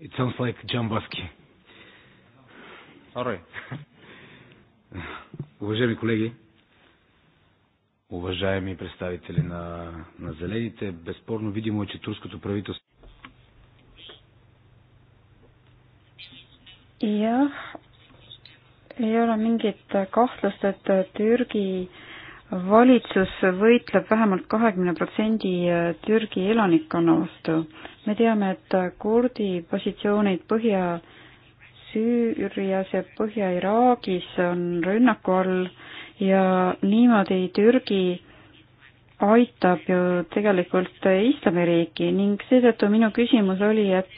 It sounds like Джамбаски. Sorry. Уважаеми колеги, уважаеми представители на, на зелените, безспорно видимо е, че турското правителство jah, ei ole mingit kahtlust, et Türgi valitsus võitleb vähemalt kahekümne protsendi Türgi elanikkonna vastu. me teame, et kurdi positsioonid Põhja-Süürias ja Põhja-Iraagis on rünnaku all ja niimoodi Türgi aitab ju tegelikult islamiriiki ning seetõttu minu küsimus oli, et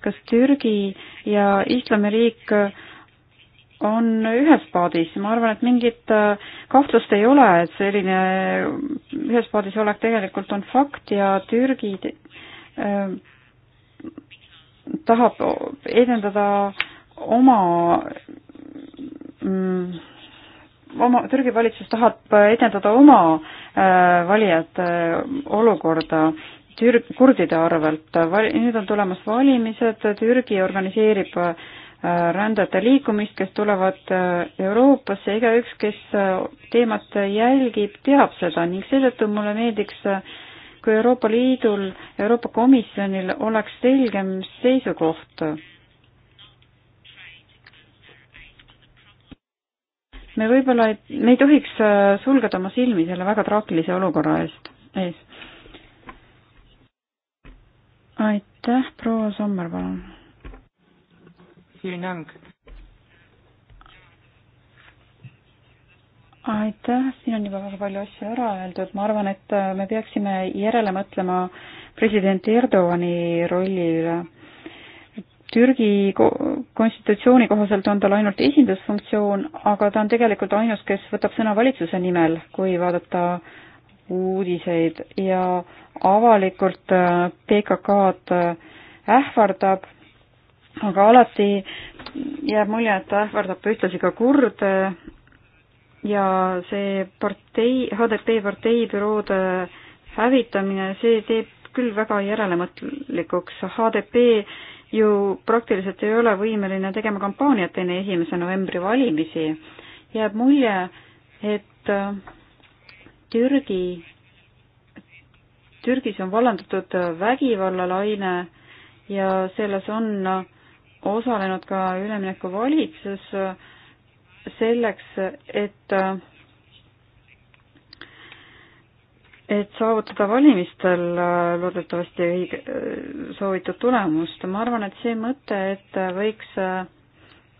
kas Türgi ja islamiriik on ühes paadis ja ma arvan, et mingit äh, kahtlust ei ole, et selline ühes paadis olek tegelikult on fakt ja Türgi äh, tahab edendada oma mm, oma, Türgi valitsus tahab edendada oma äh, valijate äh, olukorda Türg-, kurdide arvelt. Val-, nüüd on tulemas valimised, Türgi organiseerib äh, rändajate liikumist, kes tulevad äh, Euroopasse, igaüks, kes äh, teemat jälgib, teab seda ning seetõttu mulle meeldiks, äh, kui Euroopa Liidul, Euroopa Komisjonil oleks selgem seisukoht. me võib-olla ei, me ei tohiks sulgeda oma silmi selle väga traagilise olukorra eest, ees. aitäh, proua Sommer, palun vielen Dank. aitäh, siin on juba väga palju asju ära öeldud, ma arvan, et äh, me peaksime järele mõtlema president Erdogani rolli üle. Türgi konstitutsiooni kohaselt on tal ainult esindusfunktsioon, aga ta on tegelikult ainus, kes võtab sõna valitsuse nimel, kui vaadata uudiseid ja avalikult äh, PKK-d äh, ähvardab aga alati jääb mulje, et ta ähvardab ühtlasi ka kurde ja see partei, HDP partei büroode hävitamine, see teeb küll väga järelemõtlikuks. HDP ju praktiliselt ei ole võimeline tegema kampaaniat enne esimese novembri valimisi. jääb mulje, et Türgi, Türgis on vallandatud vägivallalaine ja selles on osalenud ka üleminekuvalitsus selleks, et et saavutada valimistel loodetavasti õige, soovitud tulemust. ma arvan, et see mõte, et võiks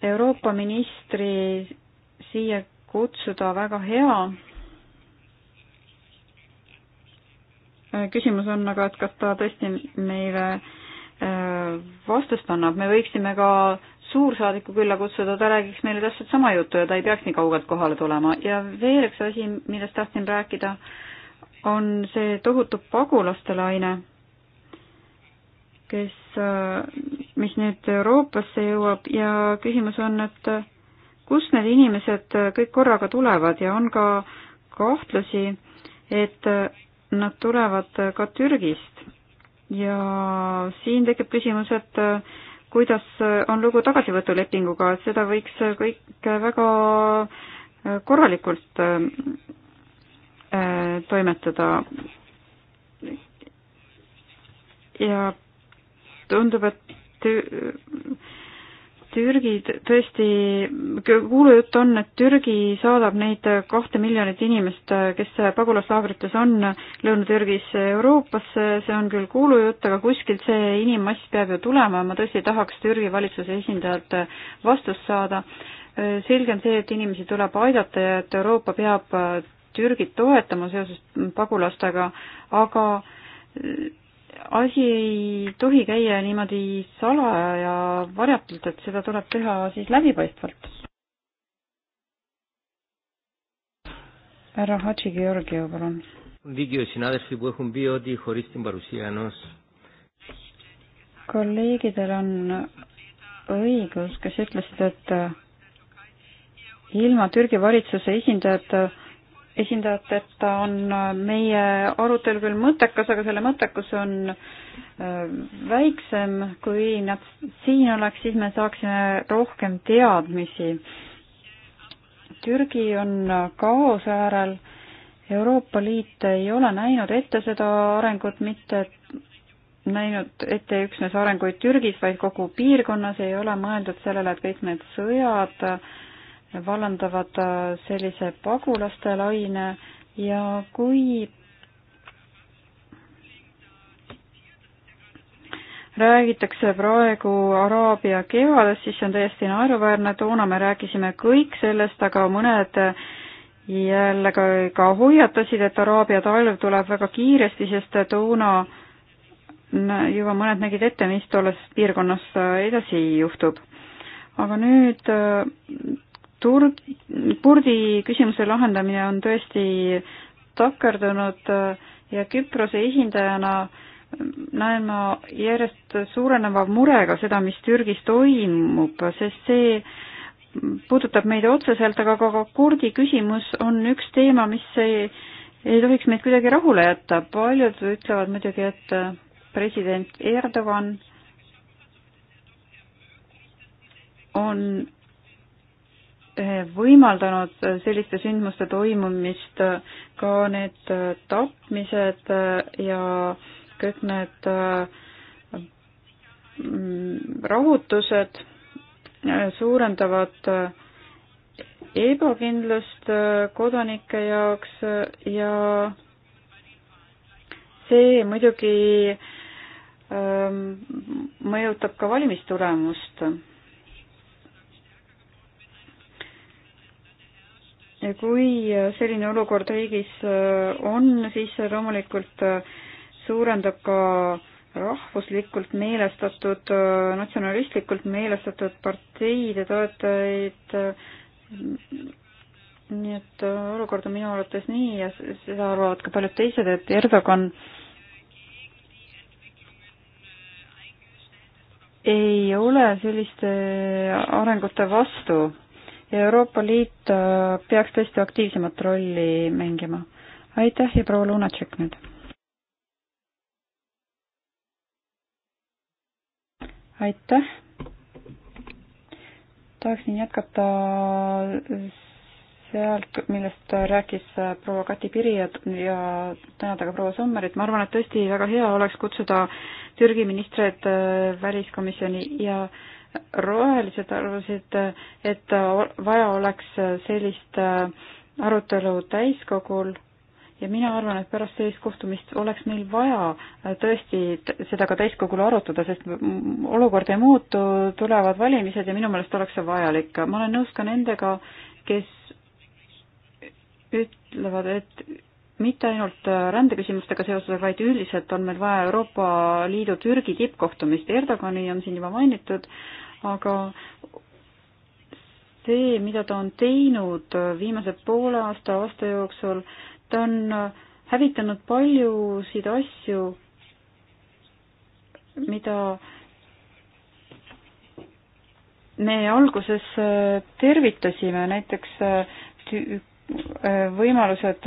Euroopa ministri siia kutsuda, väga hea. küsimus on aga, et kas ta tõesti meile vastust annab, me võiksime ka suursaadiku külla kutsuda, ta räägiks meile täpselt sama juttu ja ta ei peaks nii kaugelt kohale tulema ja veel üks asi, millest tahtsin rääkida, on see tohutu pagulaste laine, kes, mis nüüd Euroopasse jõuab ja küsimus on, et kust need inimesed kõik korraga tulevad ja on ka kahtlusi, et nad tulevad ka Türgist ja siin tekib küsimus, et äh, kuidas äh, on lugu tagasivõtulepinguga, et seda võiks äh, kõik väga korralikult toimetada. ja tundub, et Türgi tõesti, kuulujutt on, et Türgi saadab neid kahte miljonit inimest, kes pagulaslaagrites on Lõuna-Türgis Euroopasse, see on küll kuulujutt, aga kuskilt see inimmass peab ju tulema, ma tõesti tahaks Türgi valitsuse esindajalt vastust saada. selge on see, et inimesi tuleb aidata ja et Euroopa peab Türgit toetama seoses pagulastega, aga asi ei tohi käia niimoodi salaja ja varjatult, et seda tuleb teha siis läbipaistvalt. härra Hadži Georgiev, palun. kolleegidel on õigus, kes ütlesid, et ilma Türgi valitsuse esindajata esindajateta on äh, meie arutelu küll mõttekas, aga selle mõttekus on äh, väiksem, kui nad siin oleks, siis me saaksime rohkem teadmisi. Türgi on äh, kaose äärel, Euroopa Liit ei ole näinud ette seda arengut, mitte näinud ette üksnes arenguid Türgis, vaid kogu piirkonnas ei ole mõeldud sellele, et kõik need sõjad äh, vallandavad äh, sellise pagulaste laine ja kui räägitakse praegu Araabia kevadest, siis see on täiesti naeruväärne, toona me rääkisime kõik sellest, aga mõned jälle ka, ka hoiatasid, et Araabia talv tuleb väga kiiresti, sest toona juba mõned nägid ette, mis tolles piirkonnas edasi juhtub. aga nüüd Tur-, kurdi küsimuse lahendamine on tõesti takerdunud äh, ja Küprose esindajana äh, näen ma järjest suureneva murega seda, mis Türgis toimub, sest see puudutab meid otseselt, aga ka kurdi küsimus on üks teema, mis ei, ei tohiks meid kuidagi rahule jätta. paljud ütlevad muidugi, et äh, president Erdogan on võimaldanud selliste sündmuste toimumist, ka need tapmised ja kõik need mm, rahutused suurendavad ebakindlust kodanike jaoks ja see muidugi ähm, mõjutab ka valimistulemust kui äh, selline olukord riigis äh, on, siis loomulikult äh, suurendab ka rahvuslikult meelestatud, natsionalistlikult meelestatud parteide toetajaid. nii et olukord on minu arvates nii ja seda arvavad ka paljud teised, et Erdogan ei ole selliste arengute vastu ja Euroopa Liit äh, peaks tõesti aktiivsemat rolli mängima. aitäh ja proua Lunatšek nüüd. aitäh. tahaksin jätkata sealt, millest rääkis äh, proua Kati Piri ja, ja tänada ka proua Sommerit, ma arvan, et tõesti väga hea oleks kutsuda Türgi ministreid äh, väliskomisjoni ja äh, rohelised arvasid, et vaja oleks sellist äh, arutelu täiskogul ja mina arvan, et pärast sellist kohtumist oleks meil vaja äh, tõesti seda ka täiskogul arutada, sest olukord ei muutu, tulevad valimised ja minu meelest oleks see vajalik. ma olen nõus ka nendega, kes ütlevad, et mitte ainult äh, rändeküsimustega seoses, vaid üldiselt on meil vaja Euroopa Liidu Türgi tippkohtumist. Erdogani on siin juba mainitud, aga see, mida ta on teinud äh, viimase poole aasta, aasta jooksul, ta on äh, hävitanud paljusid asju, mida me alguses tervitasime, näiteks võimalused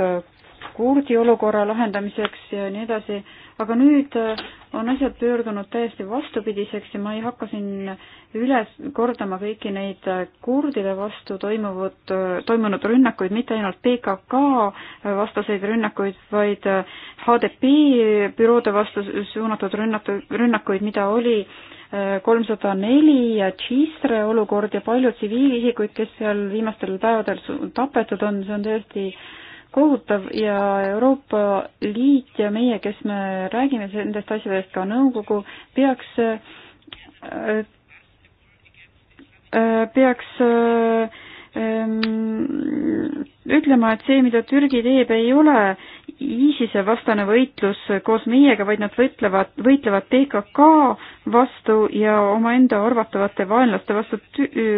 kurdi olukorra lahendamiseks ja nii edasi, aga nüüd äh, on asjad pöördunud täiesti vastupidiseks ja ma ei hakka siin üles kordama kõiki neid äh, kurdide vastu toimuvat, äh, toimunud rünnakuid, mitte ainult PKK vastaseid rünnakuid, vaid HDP büroode vastu suunatud rünnatu-, rünnakuid, mida oli kolmsada neli ja Tšistre olukord ja paljud tsiviilisikuid, kes seal viimastel päevadel tapetud on, see on tõesti äh, kohutav ja Euroopa Liit ja meie, kes me räägime nendest asjadest, ka nõukogu, peaks, äh, äh, peaks äh, ütlema, et see, mida Türgi teeb, ei ole ISISe vastane võitlus koos meiega, vaid nad võitlevad, võitlevad PKK vastu ja omaenda arvatavate vaenlaste vastu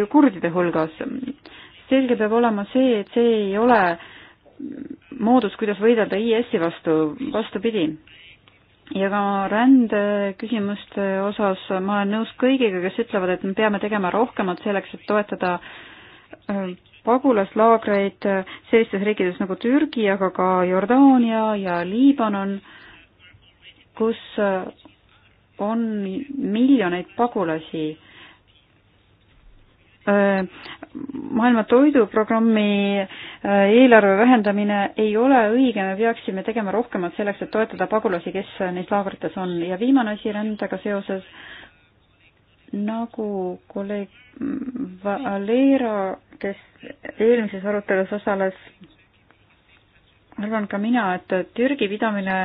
kurdide hulgas. selge peab olema see, et see ei ole äh, moodus, kuidas võidelda IS-i vastu, vastupidi. ja ka rändeküsimuste osas ma olen nõus kõigiga, kes ütlevad, et me peame tegema rohkemat selleks, et toetada äh, pagulaslaagreid sellistes riikides nagu Türgi, aga ka Jordaania ja Liibanon, kus äh, on miljoneid pagulasi maailma toiduprogrammi äh, eelarve vähendamine ei ole õige, me peaksime tegema rohkemat selleks, et toetada pagulasi, kes äh, neis laagrites on ja viimane asi rändega seoses, nagu kolleeg Valera, kes eelmises arutelus osales, arvan ka mina, et Türgi pidamine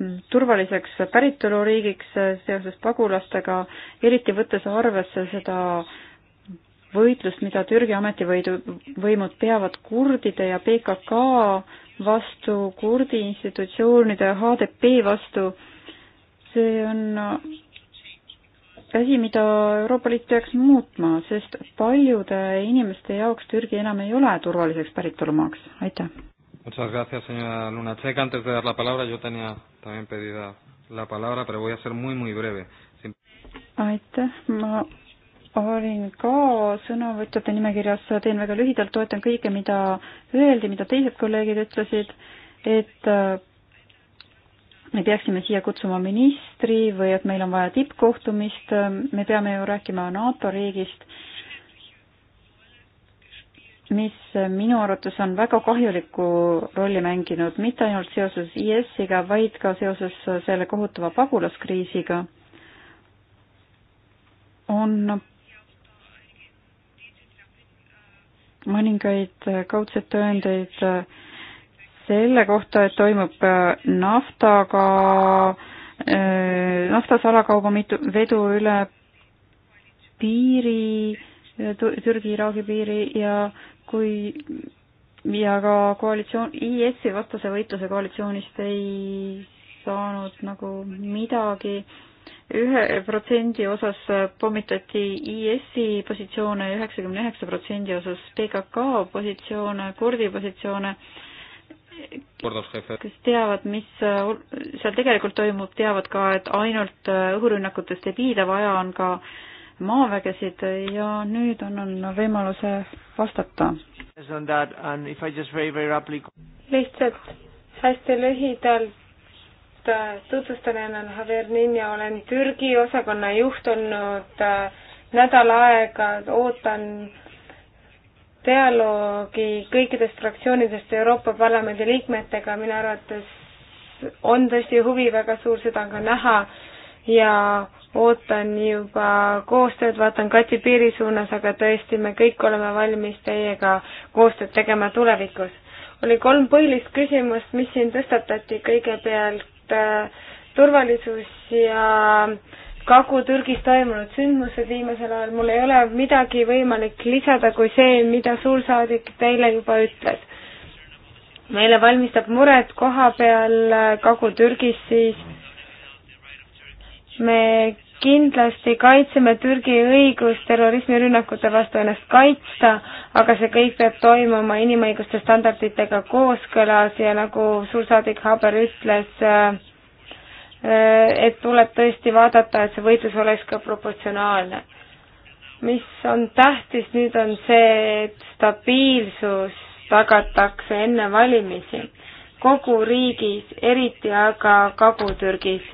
mm, turvaliseks päritoluriigiks äh, seoses pagulastega, eriti võttes arvesse seda äh, võitlust, mida Türgi ametivõimud peavad kurdide ja PKK vastu, kurdi institutsioonide ja HDP vastu, see on asi, mida Euroopa Liit peaks muutma, sest paljude inimeste jaoks Türgi enam ei ole turvaliseks päritolumaaks, aitäh. Muchas gracias, señora Lunacek. Antes de dar la palabra, yo tenía también pedida la palabra, pero voy a ser muy, muy breve. Aitäh, ma olin ka sõnavõtjate nimekirjas, teen väga lühidalt, toetan kõike, mida öeldi, mida teised kolleegid ütlesid, et äh, me peaksime siia kutsuma ministri või et meil on vaja tippkohtumist, me peame ju rääkima NATO riigist, mis minu arvates on väga kahjulikku rolli mänginud, mitte ainult seoses IS-iga, vaid ka seoses selle kohutava pagulaskriisiga. on mõningaid äh, kaudseid tõendeid äh, selle kohta, et toimub äh, naftaga, nafta salakauba mitu, vedu üle piiri, Türgi-Iraagi piiri ja kui ja ka koalitsioon, IS-i vastase võitluse koalitsioonist ei saanud nagu midagi äh, ühe protsendi osas pommitati IS-i positsioone, üheksakümne üheksa protsendi osas PKK positsioone, kurdi positsioone, kes teavad, mis seal tegelikult toimub, teavad ka, et ainult õhurünnakutest ei piida, vaja on ka maavägesid ja nüüd annan võimaluse vastata. lihtsalt hästi lühidalt ennast, äh, tutvustan ennast Javier Nin ja olen Türgi osakonna juht olnud äh, nädal aega, ootan dialoogi kõikidest fraktsioonidest Euroopa Parlamendi liikmetega, minu arvates on tõesti huvi väga suur, seda on ka näha ja ootan juba koostööd, vaatan Kati piiri suunas, aga tõesti, me kõik oleme valmis teiega koostööd tegema tulevikus. oli kolm põhilist küsimust, mis siin tõstatati, kõigepealt Äh, turvalisus ja Kagu-Türgis toimunud sündmused viimasel ajal, mul ei ole midagi võimalik lisada kui see, mida suursaadik teile juba ütles. meile valmistab muret koha peal äh, Kagu-Türgis siis me kindlasti kaitseme Türgi õigust terrorismirünnakute vastu ennast kaitsta, aga see kõik peab toimuma inimõiguste standarditega kooskõlas ja nagu suursaadik Haber ütles, äh, et tuleb tõesti vaadata, et see võitlus oleks ka proportsionaalne. mis on tähtis nüüd, on see, et stabiilsus tagatakse enne valimisi kogu riigis, eriti aga Kagu-Türgis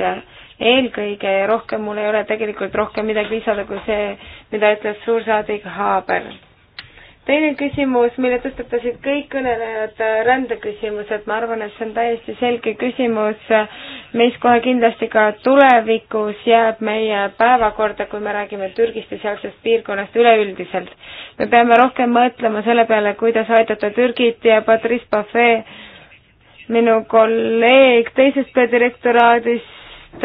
eelkõige ja rohkem mul ei ole tegelikult rohkem midagi lisada kui see, mida ütles suursaadik Haaber. teine küsimus, mille tõstatasid kõik kõnelejad, rändeküsimused, ma arvan, et see on täiesti selge küsimus, mis kohe kindlasti ka tulevikus jääb meie päevakorda, kui me räägime Türgist ja sealsest piirkonnast üleüldiselt. me peame rohkem mõtlema selle peale, kuidas aidata Türgit ja Patrice Buffet minu kolleeg teisest peadirektoraadist et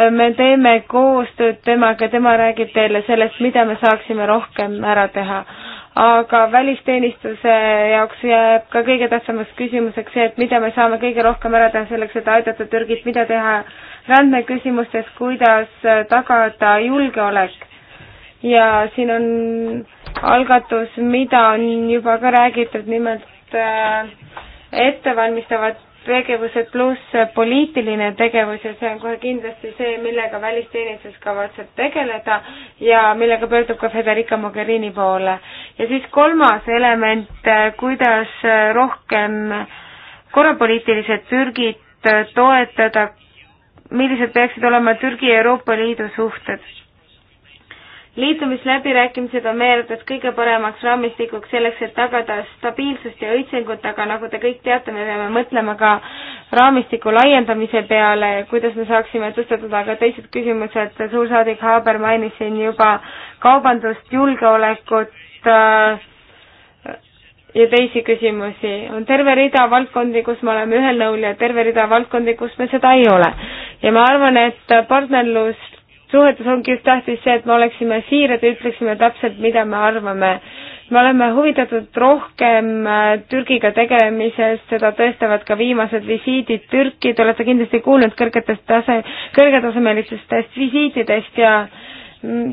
äh, me teeme koostööd temaga, tema räägib teile sellest, mida me saaksime rohkem ära teha. aga välisteenistuse jaoks jääb ka kõige tähtsamaks küsimuseks see, et mida me saame kõige rohkem ära teha selleks, et aidata Türgit, mida teha rändeküsimustes, kuidas tagada julgeolek. ja siin on algatus, mida on juba ka räägitud, nimelt Äh, ettevalmistavad tegevused pluss poliitiline tegevus ja see on kohe kindlasti see, millega välisteenistus kavatseb tegeleda ja millega pöördub ka Federica Mogherini poole. ja siis kolmas element, äh, kuidas äh, rohkem korrapoliitilised Türgit toetada, millised peaksid olema Türgi ja Euroopa Liidu suhted liitumisläbirääkimised on meie arvates kõige paremaks raamistikuks selleks, et tagada stabiilsust ja õitsengut, aga nagu te kõik teate, me peame mõtlema ka raamistiku laiendamise peale, kuidas me saaksime tõstatada ka teised küsimused, suursaadik Haaber mainis siin juba kaubandust, julgeolekut äh,, ja teisi küsimusi. on terve rida valdkondi, kus me oleme ühel nõul ja terve rida valdkondi, kus me seda ei ole. ja ma arvan, et partnerlust suhetes ongi just tähtis see, et me oleksime siirad ja ütleksime täpselt, mida me arvame. me oleme huvitatud rohkem äh, Türgiga tegelemisest, seda tõestavad ka viimased visiidid Türki, te olete kindlasti kuulnud kõrgetest tase, kõrgetasemelistest visiitidest ja mm,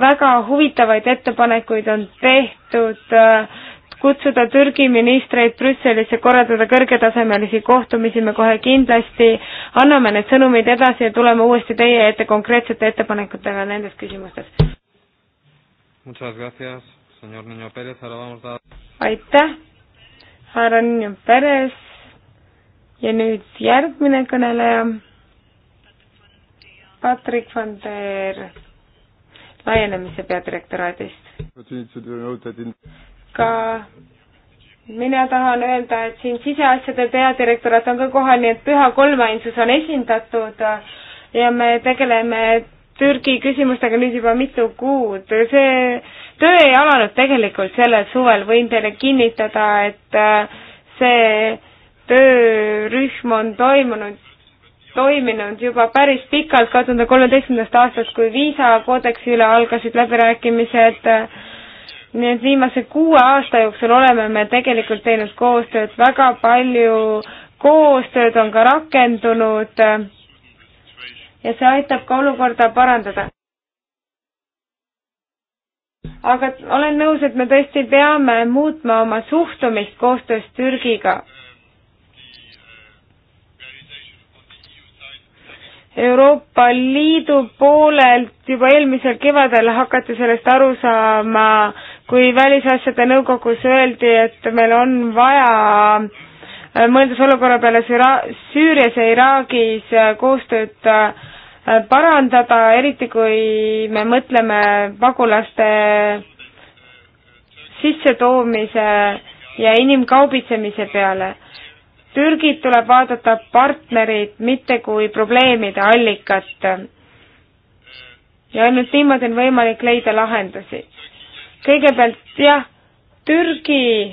väga huvitavaid ettepanekuid on tehtud äh, kutsuda Türgi ministreid Brüsselisse, korraldada kõrgetasemelisi kohtumisi, me kohe kindlasti anname need sõnumid edasi ja tuleme uuesti teie ette konkreetsete ettepanekutega nendes küsimustes. aitäh, härra Niño Perez ja nüüd järgmine kõneleja, Patrick van der laienemise peadirektoraadist ka mina tahan öelda, et siin siseasjade peadirektorat on ka kohal, nii et püha kolmainsus on esindatud ja me tegeleme Türgi küsimustega nüüd juba mitu kuud. see töö ei alanud tegelikult sellel suvel, võin teile kinnitada, et äh, see töörühm on toimunud, toiminud juba päris pikalt, kahe tuhande kolmeteistkümnendast aastast, kui viisakoodeksi üle algasid läbirääkimised äh, nii et viimase kuue aasta jooksul oleme me tegelikult teinud koostööd, väga palju koostööd on ka rakendunud ja see aitab ka olukorda parandada. aga olen nõus, et me tõesti peame muutma oma suhtumist koostöös Türgiga. Euroopa Liidu poolelt juba eelmisel kevadel hakati sellest aru saama äh, kui Välisasjade Nõukogus öeldi, et meil on vaja äh, mõeldes olukorra peale Süürias ja Iraagis äh, koostööd äh, parandada, eriti kui me mõtleme pagulaste sissetoomise ja inimkaubitsemise peale. Türgit tuleb vaadata partnerit, mitte kui probleemide allikat. ja ainult niimoodi on võimalik leida lahendusi kõigepealt jah, Türgi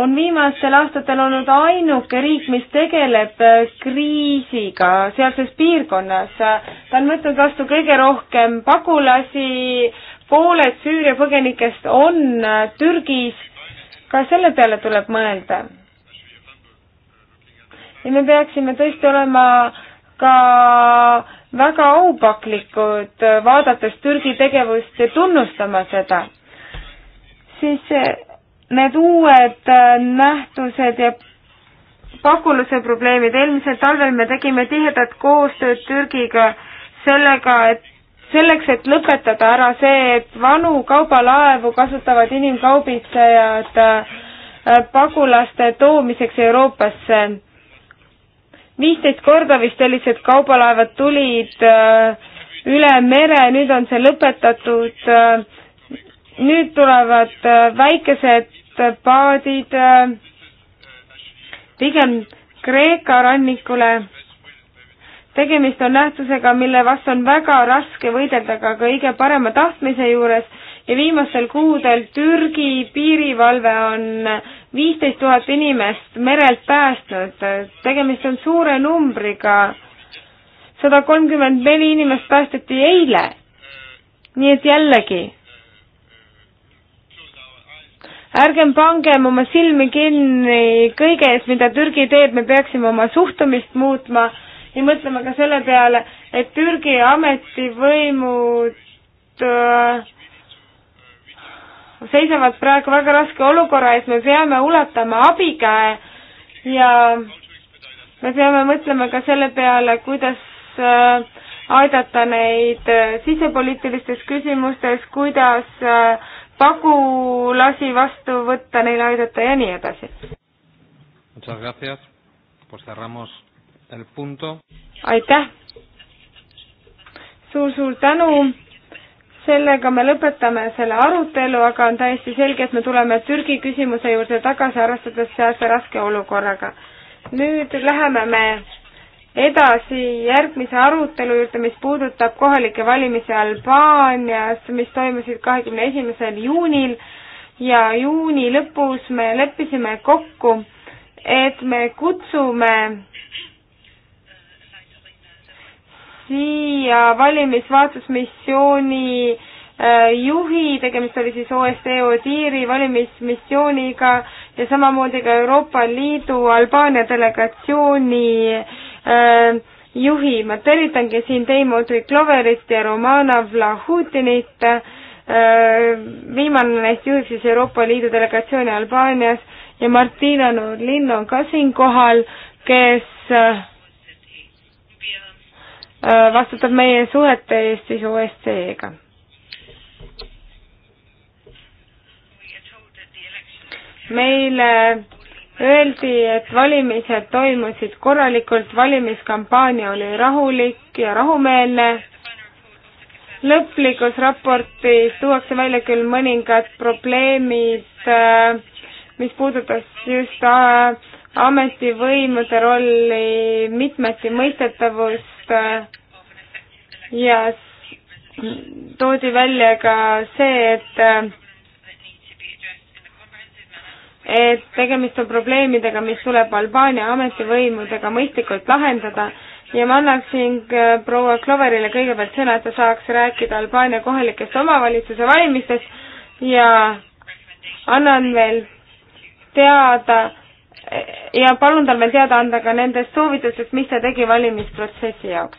on viimastel aastatel olnud ainuke riik, mis tegeleb äh, kriisiga sealses piirkonnas. ta on võtnud vastu kõige rohkem pagulasi, pooled Süüria põgenikest on äh, Türgis. ka selle peale tuleb mõelda. ja me peaksime tõesti olema ka väga aupaklikud, vaadates Türgi tegevust ja tunnustama seda, siis need uued äh, nähtused ja pakuluse probleemid, eelmisel talvel me tegime tihedat koostööd Türgiga sellega, et selleks, et lõpetada ära see, et vanu kaubalaevu kasutavad inimkaubitsejad äh, äh, pagulaste toomiseks Euroopasse viisteist korda vist sellised kaubalaevad tulid äh, üle mere, nüüd on see lõpetatud. Äh, nüüd tulevad äh, väikesed paadid pigem Kreeka rannikule. tegemist on nähtusega, mille vastu on väga raske võidelda ka kõige parema tahtmise juures ja viimastel kuudel Türgi piirivalve on viisteist tuhat inimest merelt päästnud, tegemist on suure numbriga. sada kolmkümmend neli inimest päästeti eile. nii et jällegi, ärgem pangem oma silmi kinni kõige ees, mida Türgi teeb, me peaksime oma suhtumist muutma ja mõtlema ka selle peale, et Türgi ametivõimud äh, seisavad praegu väga raske olukorra ees, me peame ulatama abikäe ja me peame mõtlema ka selle peale, kuidas äh, aidata neid äh, sisepoliitilistes küsimustes, kuidas äh, pagulasi vastu võtta, neile aidata ja nii edasi. aitäh suur,! suur-suur tänu sellega me lõpetame selle arutelu, aga on täiesti selge, et me tuleme Türgi küsimuse juurde tagasi, arvestades sealse raske olukorraga. nüüd läheme me edasi järgmise arutelu juurde, mis puudutab kohalikke valimisi Albaanias, mis toimusid kahekümne esimesel juunil ja juuni lõpus me leppisime kokku, et me kutsume siia valimisvaatlusmissiooni äh, juhi, tegemist oli siis OSCE ODIHR-i valimismissiooniga ja samamoodi ka Euroopa Liidu Albaania delegatsiooni äh, juhi. ma tervitangi siin Teimodri Kloverit ja Romana Vlahutinit. Äh, viimane neist juhib siis Euroopa Liidu delegatsiooni Albaanias ja Martina Nurlin on ka siin kohal, kes Äh, vastutab meie suhete eest siis OSCE-ga. meile öeldi, et valimised toimusid korralikult, valimiskampaania oli rahulik ja rahumeelne. lõplikus raportis tuuakse välja küll mõningad probleemid, äh, mis puudutas just äh, ametivõimude rolli, mitmeti mõistetavust ja toodi välja ka see, et et tegemist on probleemidega, mis tuleb Albaania ametivõimudega mõistlikult lahendada ja ma annaksin proua Cloverile kõigepealt sõna, et ta saaks rääkida Albaania kohalikest omavalitsuse valimistest ja annan veel teada, ja palun tal veel teada anda ka nendest soovitustest, mis ta tegi valimisprotsessi jaoks.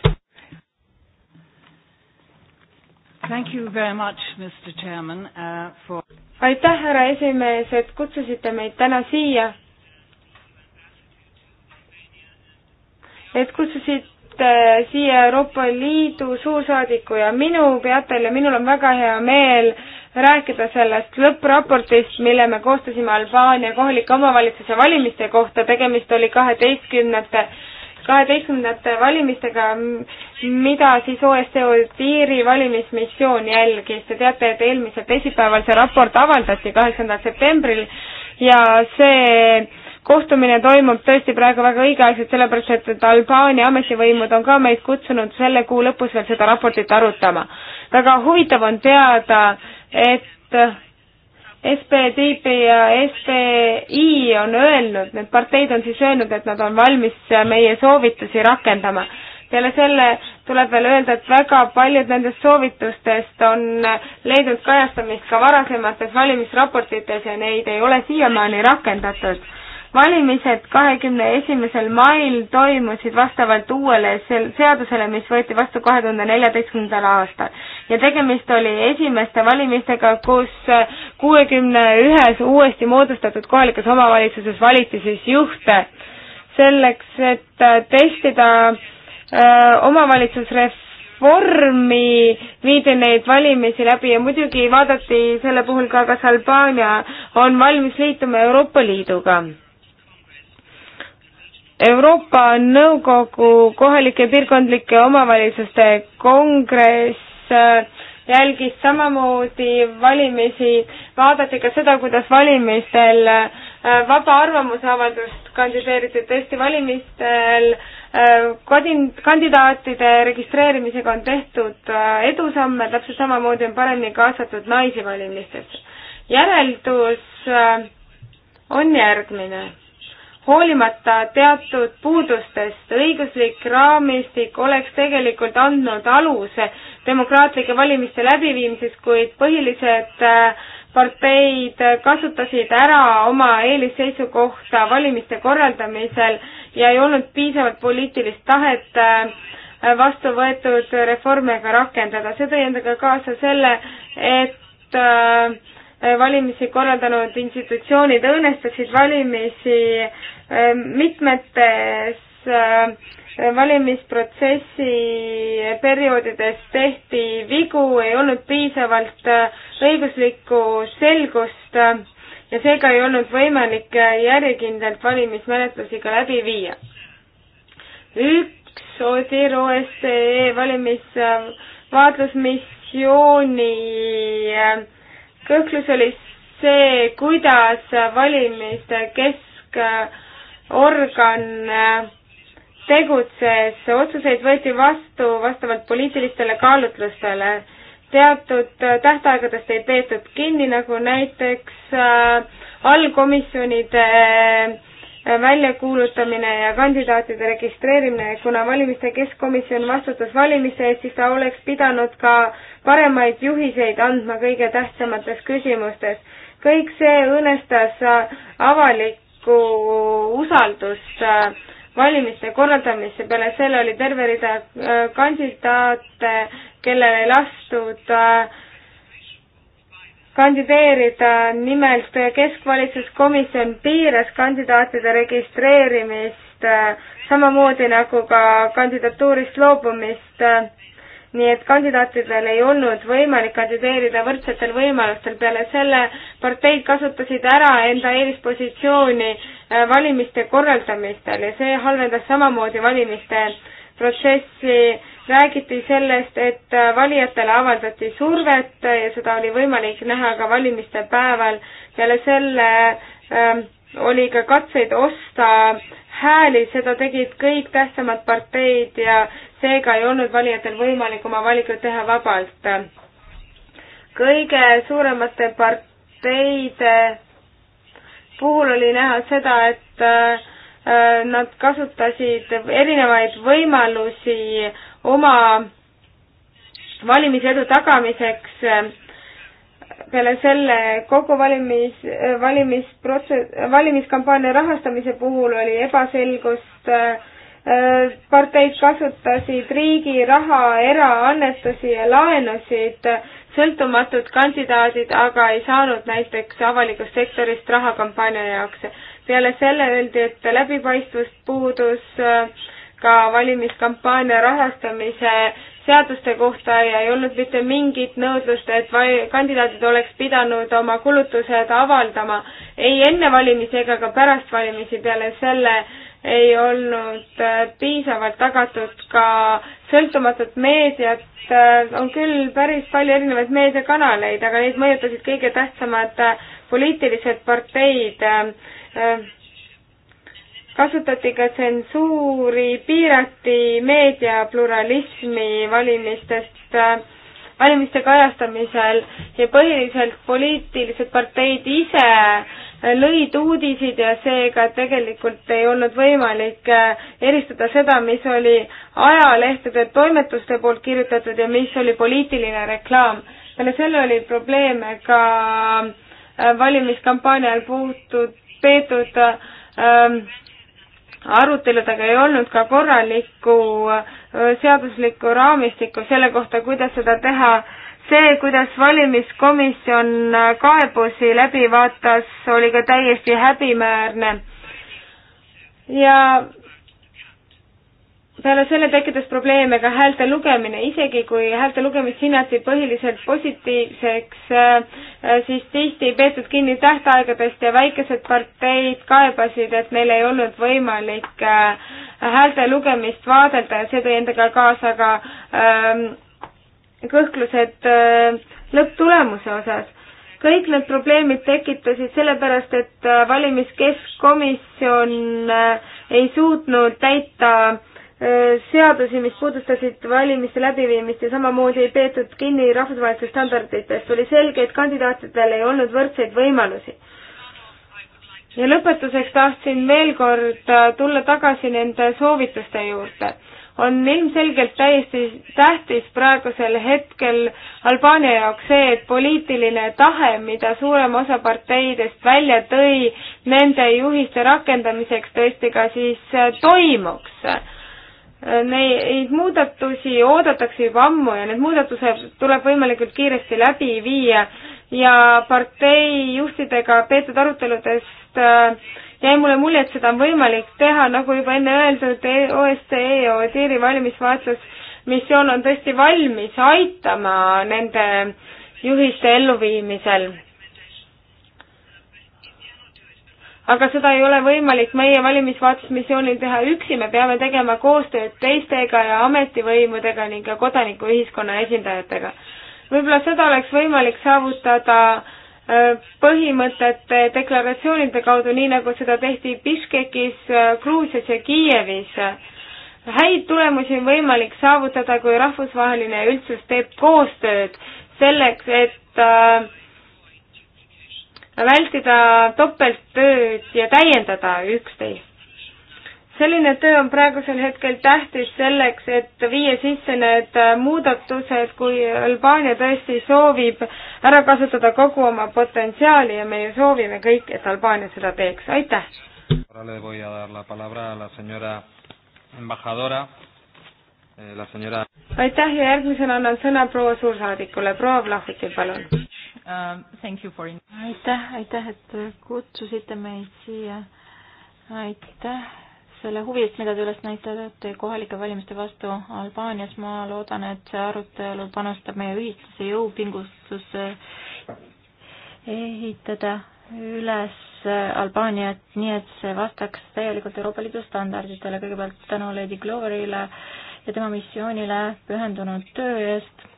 Thank you very much, Mr Chairman uh, for aitäh, härra esimees, et kutsusite meid täna siia. et kutsusite siia Euroopa Liidu suursaadiku ja minu peatel ja minul on väga hea meel äh, rääkida sellest lõppraportist, mille me koostasime Albaania kohalike omavalitsuse valimiste kohta, tegemist oli kaheteistkümnendate kaheteistkümnendate valimistega, mida siis OSCE Odiiri valimismissioon jälgis. Te teate, et eelmisel teisipäeval see raport avaldati, kaheksandal septembril ja see kohtumine toimub tõesti praegu väga õigeaegselt, sellepärast et, et Albaania ametivõimud on ka meid kutsunud selle kuu lõpus veel seda raportit arutama. väga huvitav on teada, et SPDP ja SPI on öelnud, need parteid on siis öelnud, et nad on valmis meie soovitusi rakendama. peale selle tuleb veel öelda, et väga paljud nendest soovitustest on leidnud kajastamist ka varasemates valimisraportites ja neid ei ole siiamaani rakendatud valimised kahekümne esimesel mail toimusid vastavalt uuele seadusele, mis võeti vastu kahe tuhande neljateistkümnendal aastal. ja tegemist oli esimeste valimistega, kus kuuekümne ühes uuesti moodustatud kohalikes omavalitsuses valiti siis juhte selleks, et äh, testida äh, omavalitsusref-, vormi viidi neid valimisi läbi ja muidugi vaadati selle puhul ka, kas Albaania on valmis liituma Euroopa Liiduga. Euroopa Nõukogu kohalike piirkondlike omavalitsuste kongress äh, jälgis samamoodi valimisi, vaadati ka seda, kuidas valimistel äh, vaba arvamusavaldust kandideeriti, tõesti valimistel äh, kadin-, kandidaatide registreerimisega on tehtud edusamme, täpselt samamoodi on paremini kaasatud naisi valimistesse. järeldus on järgmine hoolimata teatud puudustest, õiguslik raamistik oleks tegelikult andnud aluse demokraatlike valimiste läbiviimiseks, kuid põhilised äh, parteid kasutasid ära oma eelisseisukohta valimiste korraldamisel ja ei olnud piisavalt poliitilist tahet äh, vastu võetud reforme ka rakendada. see tõi endaga kaasa selle, et äh, valimisi korraldanud institutsioonid õõnestaksid valimisi eh, mitmetes eh, valimisprotsessi perioodides tehti vigu, ei olnud piisavalt eh, õiguslikku selgust ja seega ei olnud võimalik järjekindlalt valimismenetlusi ka läbi viia. üks ODIR OSCE valimisvaatlusmissiooni kõhklus oli see, kuidas valimiste keskorgan tegutses, otsuseid võeti vastu vastavalt poliitilistele kaalutlustele. teatud tähtaegadest ei peetud kinni, nagu näiteks äh, allkomisjonide äh, väljakuulutamine ja kandidaatide registreerimine, kuna valimiste keskkomisjon vastutas valimiste eest, siis ta oleks pidanud ka paremaid juhiseid andma kõige tähtsamates küsimustes. kõik see õõnestas äh, avalikku usaldust äh, valimiste korraldamise peale, selle oli terve rida äh, kandidaate, kellel ei lastud äh, kandideerida, nimelt keskvalitsuskomisjon piiras kandidaatide registreerimist äh, samamoodi nagu ka kandidatuurist loobumist. nii et kandidaatidel ei olnud võimalik kandideerida võrdsetel võimalustel, peale selle parteid kasutasid ära enda eelispositsiooni äh, valimiste korraldamistel ja see halvendas samamoodi valimiste protsessi räägiti sellest, et valijatele avaldati survet ja seda oli võimalik näha ka valimiste päeval. peale selle ähm, oli ka katseid osta hääli, seda tegid kõik tähtsamad parteid ja seega ei olnud valijatel võimalik oma valikuid teha vabalt. kõige suuremate parteide puhul oli näha seda, et äh, nad kasutasid erinevaid võimalusi oma valimisedu tagamiseks äh, peale selle kogu valimis, äh, valimisprotsess, valimiskampaania rahastamise puhul oli ebaselgust, äh, parteid kasutasid riigi raha, eraannetusi ja laenusid, sõltumatud kandidaadid aga ei saanud näiteks avalikust sektorist raha kampaania jaoks. peale selle öeldi, et läbipaistvust puudus äh, ka valimiskampaania rahastamise seaduste kohta ja ei olnud mitte mingit nõudlust, et kandidaadid oleks pidanud oma kulutused avaldama ei enne valimisi ega ka pärast valimisi. peale selle ei olnud äh, piisavalt tagatud ka sõltumatut meediat. Äh, on küll päris palju erinevaid meediakanaleid, aga neid mõjutasid kõige tähtsamad äh, poliitilised parteid kasutati ka tsensuuri, piirati meedia pluralismi valimistest, äh, valimiste kajastamisel ja põhiliselt poliitilised parteid ise äh, lõid uudiseid ja seega tegelikult ei olnud võimalik äh, eristada seda, mis oli ajalehtede toimetuste poolt kirjutatud ja mis oli poliitiline reklaam. peale selle oli probleeme ka valimiskampaania ajal puutud, peetud ähm, aruteludega ei olnud ka korralikku seaduslikku raamistikku selle kohta, kuidas seda teha. see, kuidas valimiskomisjon kaebusi läbi vaatas, oli ka täiesti häbimäärne. ja peale selle tekkides probleeme ka häälte lugemine, isegi kui häälte lugemist hinnati põhiliselt positiivseks, äh, siis tihti ei peetud kinni tähtaegadest ja väikesed parteid kaebasid, et neil ei olnud võimalik äh, häälte lugemist vaadelda ja see tõi endaga kaasa ka ähm, kõhklused äh, lõpptulemuse osas kõik need probleemid tekitasid sellepärast, et valimiskeskkomisjon ei suutnud täita seadusi, mis puudutasid valimiste läbiviimist ja samamoodi ei peetud kinni rahvusvahelistest standarditest, oli selge, et kandidaatidel ei olnud võrdseid võimalusi. ja lõpetuseks tahtsin veel kord tulla tagasi nende soovituste juurde. on ilmselgelt täiesti tähtis praegusel hetkel Albaania jaoks see, et poliitiline tahe, mida suurem osa parteidest välja tõi, nende juhiste rakendamiseks tõesti ka siis toimuks Neid muudatusi oodatakse juba ammu ja need muudatused tuleb võimalikult kiiresti läbi viia ja partei juhtidega peetud aruteludest äh, jäi mulle mulje, et seda on võimalik teha, nagu juba enne öeldud, OSCE e ja ODIHR-i valmisvaatlusmissioon on tõesti valmis aitama nende juhiste elluviimisel aga seda ei ole võimalik meie valimisvaatlusmissioonil teha üksi, me peame tegema koostööd teistega ja ametivõimudega ning ka kodanikuühiskonna esindajatega. võib-olla seda oleks võimalik saavutada äh, põhimõtete deklaratsioonide kaudu, nii nagu seda tehti Biškekis, äh, Gruusias ja Kiievis. häid tulemusi on võimalik saavutada, kui rahvusvaheline üldsus teeb koostööd selleks, et äh, vältida topelttööd ja täiendada üksteist. selline töö on praegusel hetkel tähtis selleks, et viia sisse need muudatused, kui Albaania tõesti soovib ära kasutada kogu oma potentsiaali ja me ju soovime kõik, et Albaania seda teeks, aitäh! Ahora le voy a dar la palabra a la señora embajadora, eh, la señora aitäh ja järgmisena annan sõna proua suursaadikule, proua Vlahvikil, palun! Um, for... aitäh, aitäh, et kutsusite meid siia. aitäh selle huvi eest, mida te üles näitate kohalike valimiste vastu Albaanias. ma loodan, et see arutelu panustab meie ühistesse jõupingustusse ehitada üles Albaaniat, nii et see vastaks täielikult Euroopa Liidu standarditele. kõigepealt tänu Lady Gloverile ja tema missioonile pühendunud töö eest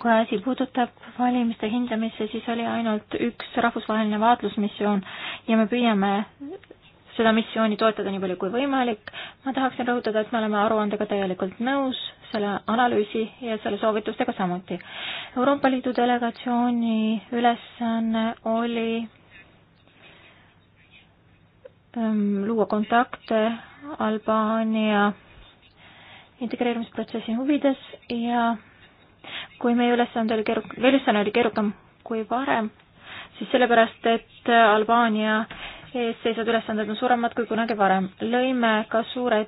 kui asi puudutab valimiste hindamisse, siis oli ainult üks rahvusvaheline vaatlusmissioon ja me püüame seda missiooni toetada nii palju kui võimalik. ma tahaksin rõhutada, et me oleme aruandega täielikult nõus, selle analüüsi ja selle soovitustega samuti. Euroopa Liidu delegatsiooni ülesanne oli ähm, luua kontakte Albaania integreerimisprotsessi huvides ja kui meie ülesanne oli keeruk-, ülesanne oli keerukam kui varem, siis sellepärast, et Albaania ees seisvad ülesanded on suuremad kui kunagi varem. lõime ka suure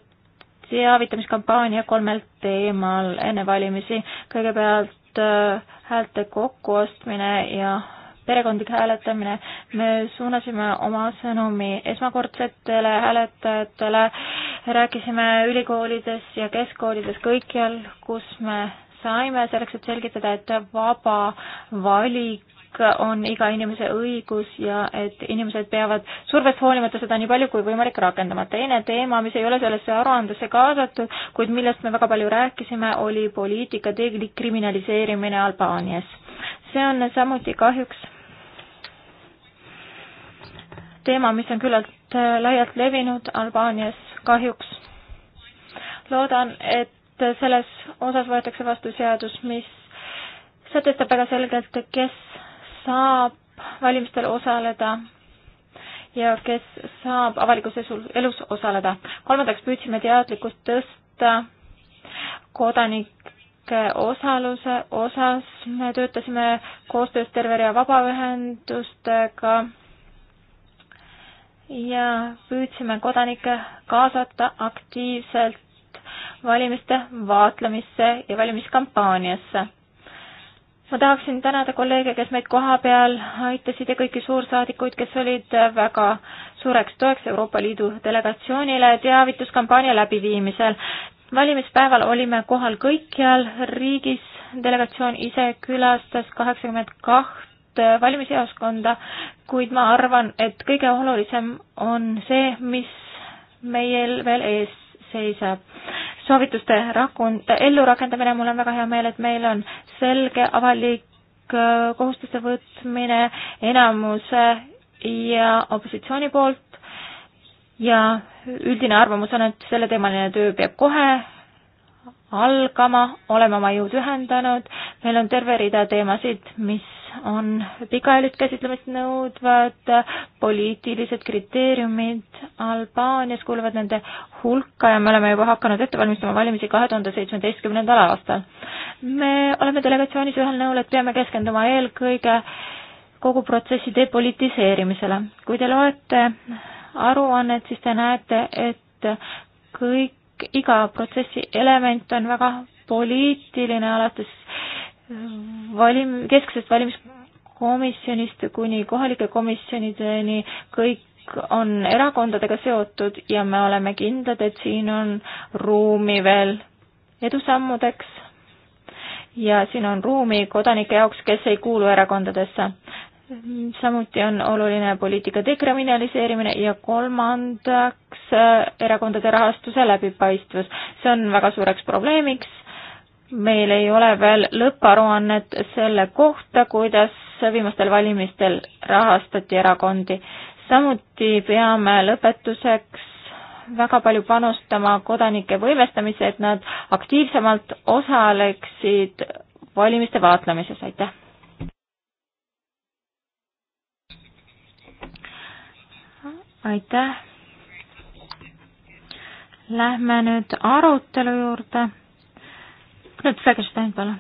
teavitamiskampaania kolmel teemal enne valimisi. kõigepealt äh, häälte kokkuostmine ja perekondlik hääletamine. me suunasime oma sõnumi esmakordsetele hääletajatele, rääkisime ülikoolides ja keskkoolides kõikjal, kus me saime selleks, et selgitada, et vaba valik on iga inimese õigus ja et inimesed peavad survest hoolimata seda nii palju kui võimalik rakendama. teine teema, mis ei ole sellesse aruandesse kaasatud, kuid millest me väga palju rääkisime, oli poliitika dekriminaliseerimine Albaanias. see on samuti kahjuks teema, mis on küllalt äh, laialt levinud Albaanias kahjuks. loodan, et et selles osas võetakse vastu seadus, mis sätestab väga selgelt, kes saab valimistel osaleda ja kes saab avalikus elus osaleda. kolmandaks püüdsime teadlikkust tõsta kodanike osaluse osas, me töötasime koostöös terve rea vabaühendustega ja püüdsime kodanikke kaasata aktiivselt valimiste vaatlemisse ja valimiskampaaniasse. ma tahaksin tänada kolleege, kes meid koha peal aitasid ja kõiki suursaadikuid, kes olid väga suureks toeks Euroopa Liidu delegatsioonile teavituskampaania läbiviimisel. valimispäeval olime kohal kõikjal riigis, delegatsioon ise külastas kaheksakümmend kaht valimisjaoskonda, kuid ma arvan, et kõige olulisem on see, mis meil veel ees seisab soovituste rakun- äh,, ellurakendamine, mul on väga hea meel, et meil on selge avalik äh, kohustuste võtmine enamuse ja opositsiooni poolt ja üldine arvamus on, et selleteemaline töö peab kohe algama, oleme oma jõud ühendanud, meil on terve rida teemasid, mis on pikaajalist käsitlemist nõudvad poliitilised kriteeriumid Albaanias kuuluvad nende hulka ja me oleme juba hakanud ette valmistama valimisi kahe tuhande seitsmeteistkümnendal aastal. me oleme delegatsioonis ühel nõul, et peame keskenduma eelkõige kogu protsessi depolitiseerimisele. kui te loete aruannet, siis te näete, et kõik, iga protsessi element on väga poliitiline, alates äh, valim-, kesksest valimiskomisjonist kuni kohalike komisjonideni, kõik on erakondadega seotud ja me oleme kindlad, et siin on ruumi veel edusammudeks ja siin on ruumi kodanike jaoks, kes ei kuulu erakondadesse. samuti on oluline poliitika dekriminaliseerimine ja kolmandaks erakondade rahastuse läbipaistvus. see on väga suureks probleemiks meil ei ole veel lõpparuannet selle kohta, kuidas viimastel valimistel rahastati erakondi. samuti peame lõpetuseks väga palju panustama kodanike võimestamisse, et nad aktiivsemalt osaleksid valimiste vaatlemises, aitäh! aitäh! Lähme nüüd arutelu juurde nüüd Fleckenstein, palun.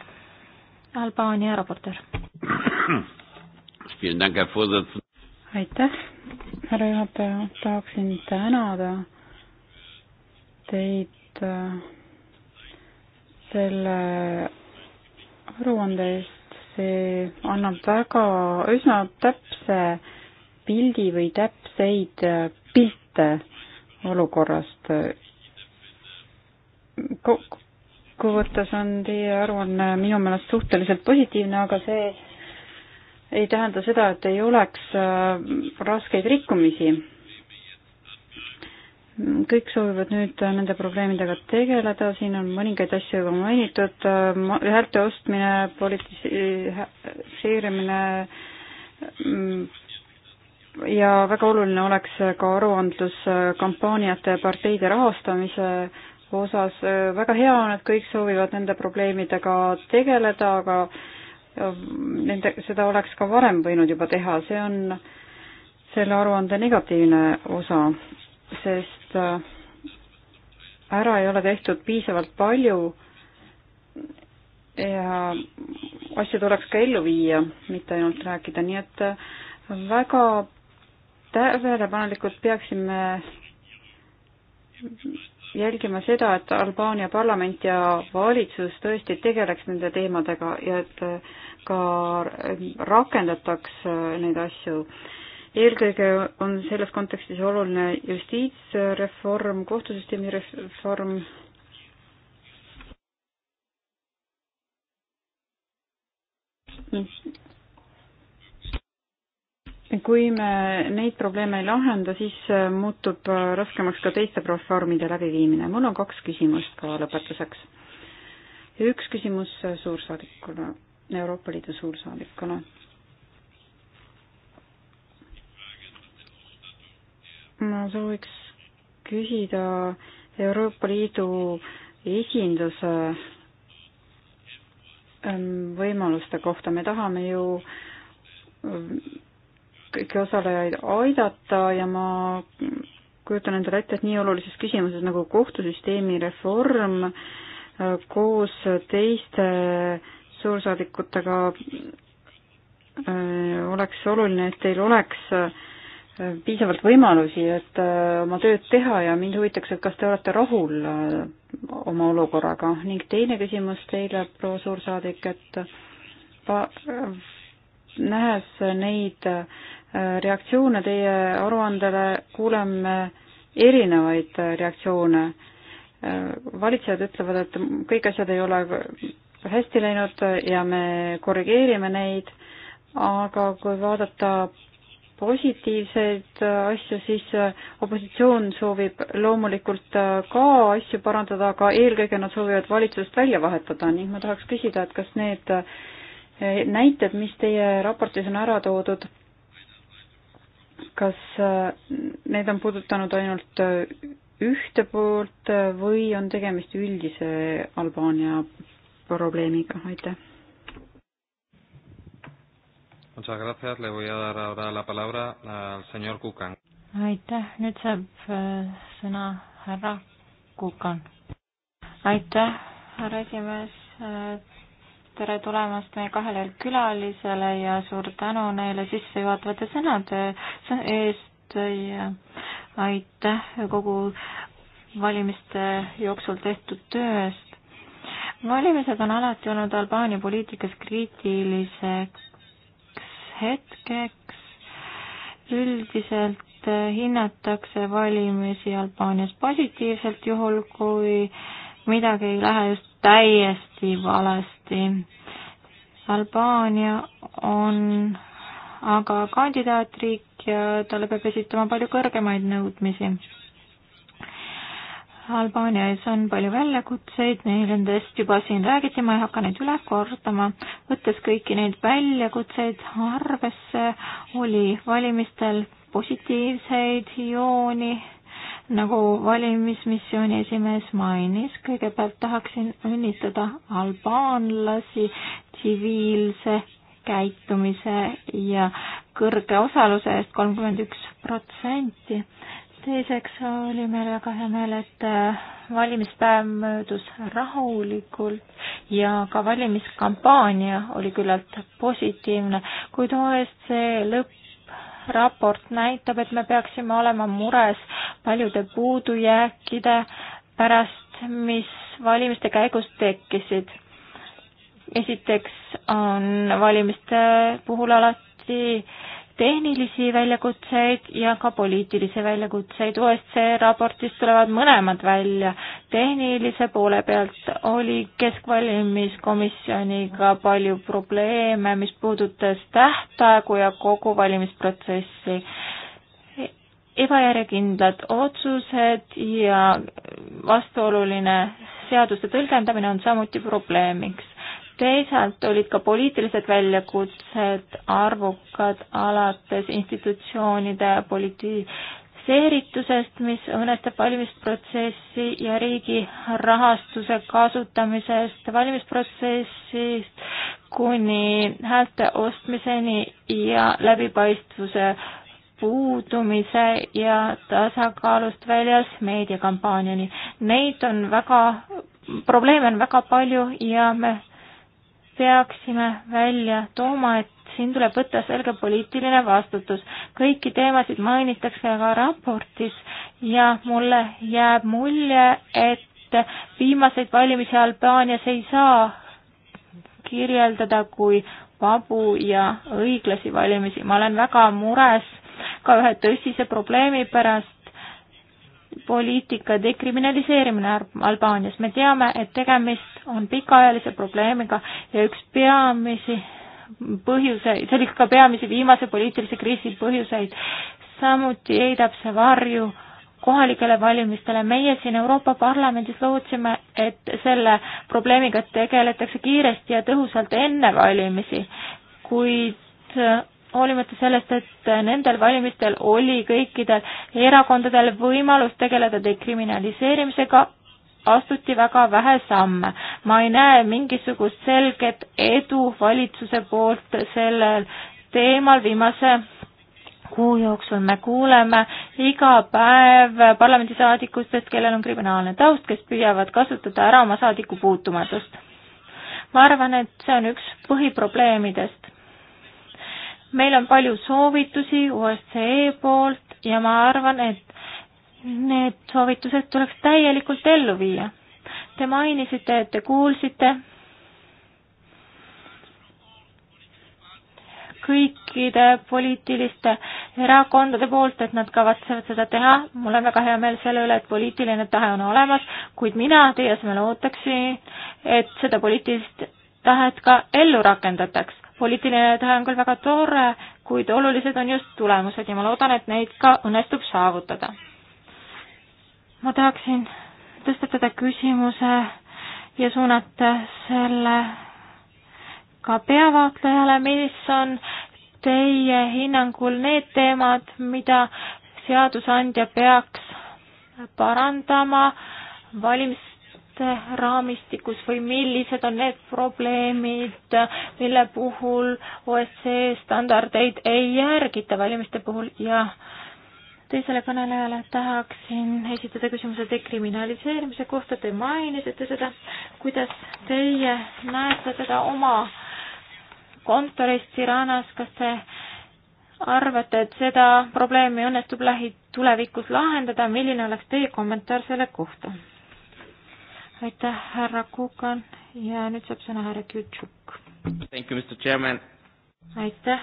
Albaania raportöör. aitäh, härra juhataja, tahaksin tänada teid äh, selle aruande eest, see annab väga, üsna täpse pildi või täpseid äh, pilte olukorrast kokkuvõttes on teie aruanne minu meelest suhteliselt positiivne, aga see ei tähenda seda, et ei oleks äh, raskeid rikkumisi. kõik soovivad nüüd nende probleemidega tegeleda, siin on mõningaid asju juba mainitud, äh, häälte ostmine, politiseerimine mm, ja väga oluline oleks ka aruandlus äh, kampaaniate ja parteide rahastamise äh, osas. väga hea on, et kõik soovivad nende probleemidega tegeleda, aga äh, nende, seda oleks ka varem võinud juba teha, see on selle aruande negatiivne osa, sest äh, ära ei ole tehtud piisavalt palju ja asju tuleks ka ellu viia, mitte ainult rääkida, nii et äh, väga tähelepanelikult peaksime jälgima seda, et Albaania parlament ja valitsus tõesti tegeleks nende teemadega ja et äh, ka rakendataks äh, neid asju. eelkõige on selles kontekstis oluline justiitsreform, kohtusüsteemi reform, kui me neid probleeme ei lahenda, siis äh, muutub äh, raskemaks ka teiste reformide läbiviimine. mul on kaks küsimust ka lõpetuseks. üks küsimus äh, suursaadikule, Euroopa Liidu suursaadikule. ma sooviks küsida Euroopa Liidu esinduse ähm, võimaluste kohta, me tahame ju kõiki osalejaid aidata ja ma kujutan endale ette, et nii olulises küsimuses nagu kohtusüsteemi reform äh, koos teiste suursaadikutega äh, oleks oluline, et teil oleks äh, piisavalt võimalusi, et oma tööd teha ja mind huvitaks, et kas te olete rahul oma olukorraga ning teine küsimus teile, proua suursaadik, et nähes neid reaktsioone teie aruandele, kuuleme erinevaid reaktsioone. valitsejad ütlevad, et kõik asjad ei ole hästi läinud ja me korrigeerime neid, aga kui vaadata positiivseid asju, siis opositsioon soovib loomulikult ka asju parandada, aga eelkõige nad soovivad valitsust välja vahetada ning ma tahaks küsida, et kas need näited, mis teie raportis on ära toodud, kas äh, need on puudutanud ainult äh, ühte poolt äh, või on tegemist üldise Albaania probleemiga, aitäh. Muchas gracias, le voy a dar ahora la palabra al señor Kukan. aitäh, nüüd saab sõna härra Kukan. aitäh, härra esimees tere tulemast meie kahele külalisele ja suur tänu neile sissejuhatavate sõnade eest ja aitäh kogu valimiste jooksul tehtud töö eest. valimised on alati olnud Albaania poliitikas kriitiliseks hetkeks. üldiselt hinnatakse valimisi Albaanias positiivselt, juhul kui midagi ei lähe just täiesti valesti. Albaania on aga kandidaatriik ja talle peab esitama palju kõrgemaid nõudmisi. Albaania ees on palju väljakutseid, nendest juba siin räägiti, ma ei hakka neid üle kordama. võttes kõiki neid väljakutseid arvesse, oli valimistel positiivseid jooni nagu valimismissiooni esimees mainis, kõigepealt tahaksin õnnitleda albaanlasi tsiviilse käitumise ja kõrge osaluse eest kolmkümmend üks protsenti. teiseks oli meil väga hea meel, et äh, valimispäev möödus rahulikult ja ka valimiskampaania oli küllalt positiivne, kuid OSCE lõpp raport näitab, et me peaksime olema mures paljude puudujääkide pärast, mis valimiste käigus tekkisid. esiteks on valimiste puhul alati äh, tehnilisi väljakutseid ja ka poliitilisi väljakutseid. OSCE raportist tulevad mõlemad välja. tehnilise poole pealt oli Keskvalimiskomisjoniga palju probleeme, mis puudutas tähtaegu ja kogu valimisprotsessi ebajärjekindlad otsused ja vastuoluline seaduste tõlgendamine on samuti probleemiks teisalt olid ka poliitilised väljakutsed arvukad alates institutsioonide politiseeritusest, mis õõnestab valimisprotsessi ja riigi rahastuse kasutamisest valimisprotsessist kuni häälte ostmiseni ja läbipaistvuse puudumise ja tasakaalust väljas meediakampaaniani. Neid on väga probleeme on väga palju ja me peaksime välja tooma, et siin tuleb võtta selge poliitiline vastutus. kõiki teemasid mainitakse ka raportis ja mulle jääb mulje, et viimaseid valimisi Albaanias ei saa kirjeldada kui vabu ja õiglasi valimisi. ma olen väga mures ka ühe tõsise probleemi pärast, poliitika dekriminaliseerimine Albaanias. me teame, et tegemist on pikaajalise probleemiga ja üks peamisi põhjuse, see oli ka peamisi viimase poliitilise kriisi põhjuseid. samuti heidab see varju kohalikele valimistele. meie siin Euroopa Parlamendis lootsime, et selle probleemiga tegeletakse kiiresti ja tõhusalt enne valimisi, kuid hoolimata sellest, et nendel valimistel oli kõikidel erakondadel võimalus tegeleda dekriminaliseerimisega, astuti väga vähe samme. ma ei näe mingisugust selget edu valitsuse poolt sellel teemal viimase kuu jooksul me kuuleme iga päev parlamendisaadikutest, kellel on kriminaalne taust, kes püüavad kasutada ära oma saadiku puutumatust. ma arvan, et see on üks põhiprobleemidest meil on palju soovitusi OSCE poolt ja ma arvan, et need soovitused tuleks täielikult ellu viia. Te mainisite, et te kuulsite kõikide poliitiliste erakondade poolt, et nad kavatsevad seda teha. mul on väga hea meel selle üle, et poliitiline tahe on olemas, kuid mina teie asemel ootaksin, et seda poliitilist tahet ka ellu rakendataks poliitiline tahe on küll väga tore, kuid olulised on just tulemused ja ma loodan, et neid ka õnnestub saavutada. ma tahaksin tõstatada küsimuse ja suunata selle ka peavaatlejale, mis on teie hinnangul need teemad, mida seadusandja peaks parandama valimis raamistikus või millised on need probleemid, mille puhul OSCE standardeid ei järgita valimiste puhul ja teisele kõnelejale tahaksin esitada küsimuse dekriminaliseerimise kohta, te mainisite seda, kuidas teie näete seda oma kontoris Tiranas, kas te arvate, et seda probleemi õnnestub lähitulevikus lahendada, milline oleks teie kommentaar selle kohta? aitäh, härra Kukan ja nüüd saab sõna härra Kütšuk. Thank you, Mr Chairman. aitäh.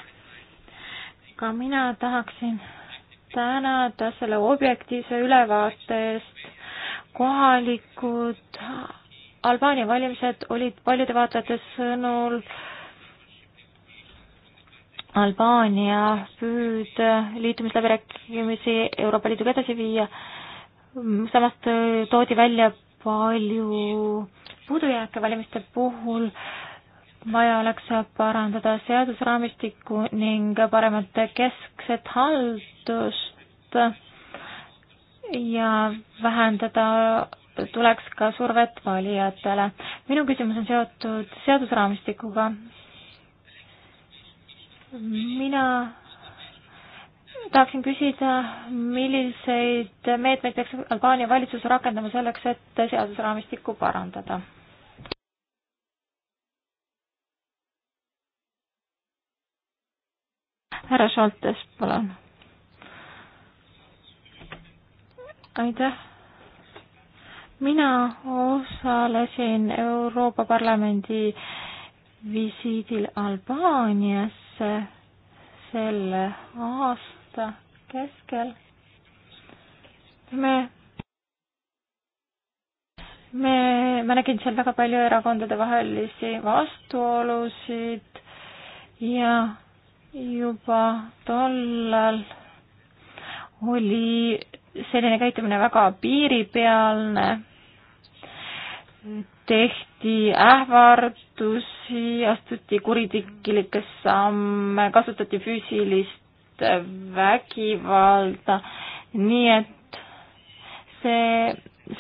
ka mina tahaksin tänada selle objektiivse ülevaate eest. kohalikud Albaania valimised olid paljude vaatajate sõnul Albaania püüd liitumisläbirääkimisi Euroopa Liiduga edasi viia. samas toodi välja palju puudujääke valimiste puhul vaja oleks parandada seadusraamistikku ning paremat keskset haldust ja vähendada tuleks ka survet valijatele. minu küsimus on seotud seadusraamistikuga. mina tahaksin küsida, milliseid meetmeid peaks Albaania valitsus rakendama selleks, et seadusraamistikku parandada? härra Šoltes, palun. aitäh. mina osalesin Euroopa Parlamendi visiidil Albaaniasse sel aastal aasta keskel me me, ma nägin seal väga palju erakondade vahelisi vastuolusid ja juba tollal oli selline käitumine väga piiripealne, tehti ähvardusi, astuti kuritegelikke samme, kasutati füüsilist vägivalda, nii et see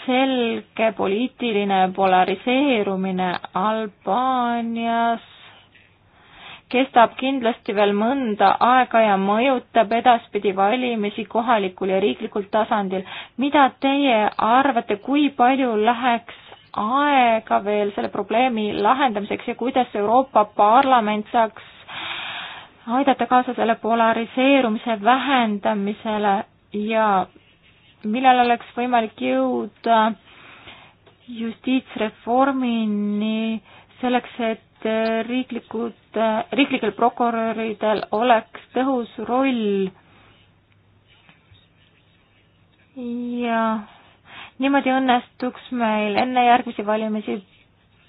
selge poliitiline polariseerumine Albaanias kestab kindlasti veel mõnda aega ja mõjutab edaspidi valimisi kohalikul ja riiklikul tasandil. mida teie arvate, kui palju läheks aega veel selle probleemi lahendamiseks ja kuidas Euroopa Parlament saaks aidata kaasa selle polariseerumise vähendamisele ja millal oleks võimalik jõuda justiitsreformini selleks, et riiklikud, riiklikel prokuröridel oleks tõhus roll ja niimoodi õnnestuks meil enne järgmisi valimisi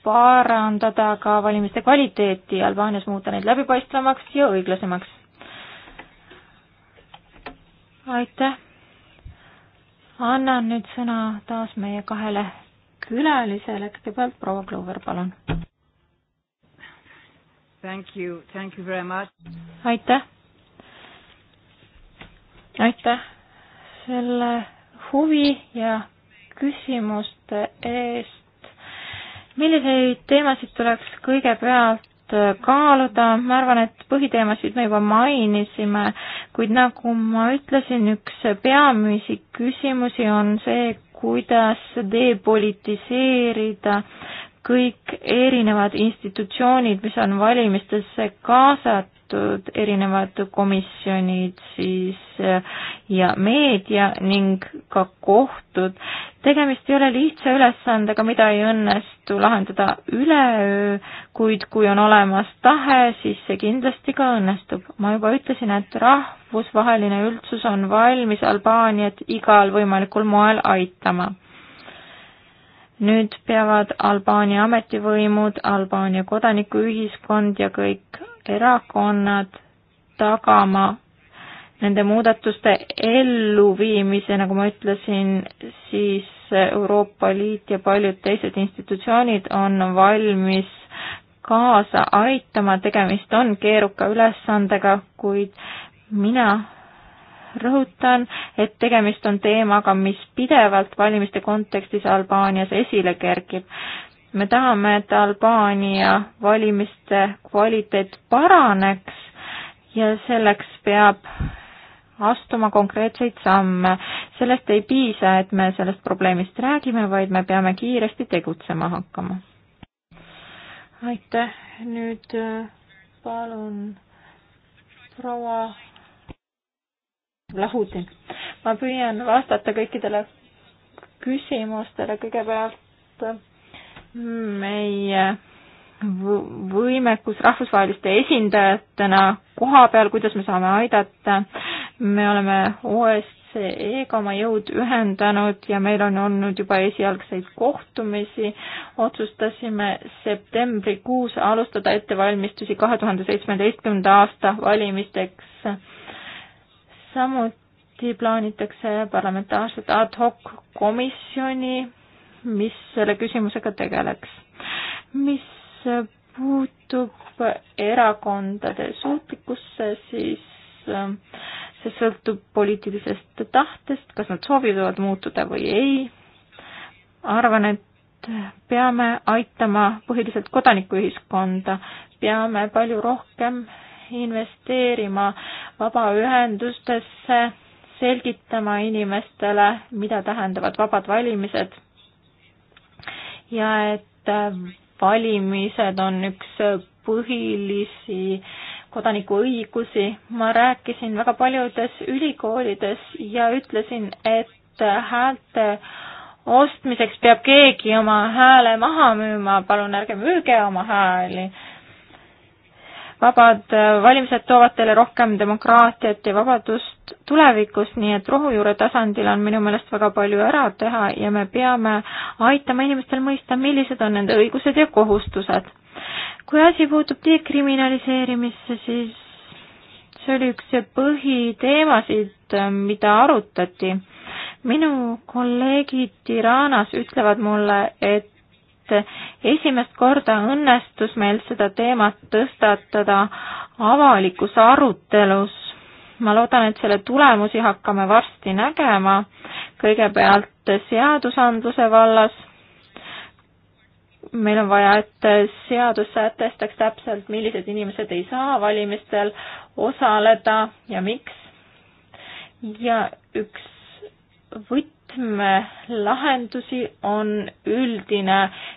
parandada ka valimiste kvaliteeti Albaanias, muuta neid läbipaistvamaks ja õiglasemaks. aitäh! annan nüüd sõna taas meie kahele külalisele, kõigepealt proua Clover, palun. Thank you, thank you very much. aitäh! aitäh selle huvi ja küsimuste eest milliseid teemasid tuleks kõigepealt äh, kaaluda, ma arvan, et põhiteemasid me juba mainisime, kuid nagu ma ütlesin, üks peamisi küsimusi on see, kuidas depolitiseerida kõik erinevad institutsioonid, mis on valimistesse kaasatud, erinevad komisjonid siis äh, ja meedia ning ka kohtud. tegemist ei ole lihtsa ülesandega, mida ei õnnestu lahendada üleöö, kuid kui on olemas tahe, siis see kindlasti ka õnnestub. ma juba ütlesin, et rahvusvaheline üldsus on valmis Albaaniat igal võimalikul moel aitama nüüd peavad Albaania ametivõimud, Albaania kodanikuühiskond ja kõik erakonnad tagama nende muudatuste elluviimise, nagu ma ütlesin, siis Euroopa Liit ja paljud teised institutsioonid on valmis kaasa aitama, tegemist on keeruka ülesandega, kuid mina rõhutan, et tegemist on teemaga, mis pidevalt valimiste kontekstis Albaanias esile kerkib. me tahame, et Albaania valimiste kvaliteet paraneks ja selleks peab astuma konkreetseid samme. sellest ei piisa, et me sellest probleemist räägime, vaid me peame kiiresti tegutsema hakkama. aitäh, nüüd äh, palun proua Lahutin. ma püüan vastata kõikidele küsimustele kõigepealt meie võimekus rahvusvaheliste esindajatena koha peal, kuidas me saame aidata. me oleme OSCE-ga oma jõud ühendanud ja meil on olnud juba esialgseid kohtumisi. otsustasime septembrikuus alustada ettevalmistusi kahe tuhande seitsmeteistkümnenda aasta valimisteks samuti plaanitakse parlamentaarset ad hoc komisjoni, mis selle küsimusega tegeleks. mis puutub erakondade suutlikkusse, siis ähm, see sõltub poliitilisest tahtest, kas nad soovivad muutuda või ei. arvan, et peame aitama põhiliselt kodanikuühiskonda, peame palju rohkem investeerima vabaühendustesse, selgitama inimestele, mida tähendavad vabad valimised ja et äh, valimised on üks põhilisi kodanikuõigusi. ma rääkisin väga paljudes ülikoolides ja ütlesin, et häälte ostmiseks peab keegi oma hääle maha müüma, palun ärge müüge oma hääli vabad äh, valimised toovad teile rohkem demokraatiat ja vabadust tulevikus, nii et rohujuure tasandil on minu meelest väga palju ära teha ja me peame aitama inimestel mõista, millised on nende õigused ja kohustused. kui asi puutub dekriminaliseerimisse, siis see oli üks põhiteemasid, äh, mida arutati minu kolleegid Tiranas ütlevad mulle, et et esimest korda õnnestus meil seda teemat tõstatada avalikus arutelus. ma loodan, et selle tulemusi hakkame varsti nägema, kõigepealt seadusandluse vallas, meil on vaja, et seadus sätestaks täpselt, millised inimesed ei saa valimistel osaleda ja miks. ja üks võti võtmelahendusi on üldine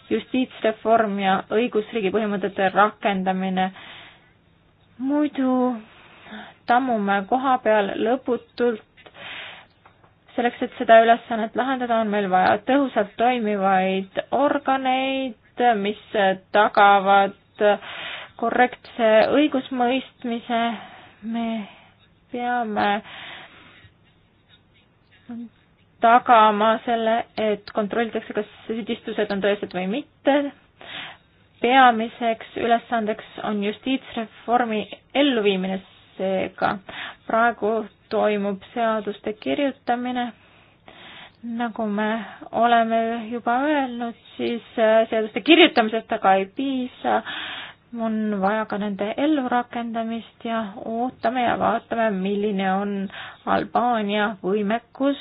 justiitsreform ja õigusriigi põhimõtete rakendamine. muidu tammume koha peal lõputult. selleks, et seda ülesannet lahendada, on meil vaja tõhusalt toimivaid organeid, mis tagavad korrektse õigusmõistmise, me peame tagama selle, et kontrollitakse, kas süüdistused on tõesed või mitte. peamiseks ülesandeks on justiitsreformi elluviimine, seega praegu toimub seaduste kirjutamine. nagu me oleme juba öelnud, siis äh, seaduste kirjutamisest aga ei piisa on vaja ka nende ellurakendamist ja ootame ja vaatame, milline on Albaania võimekus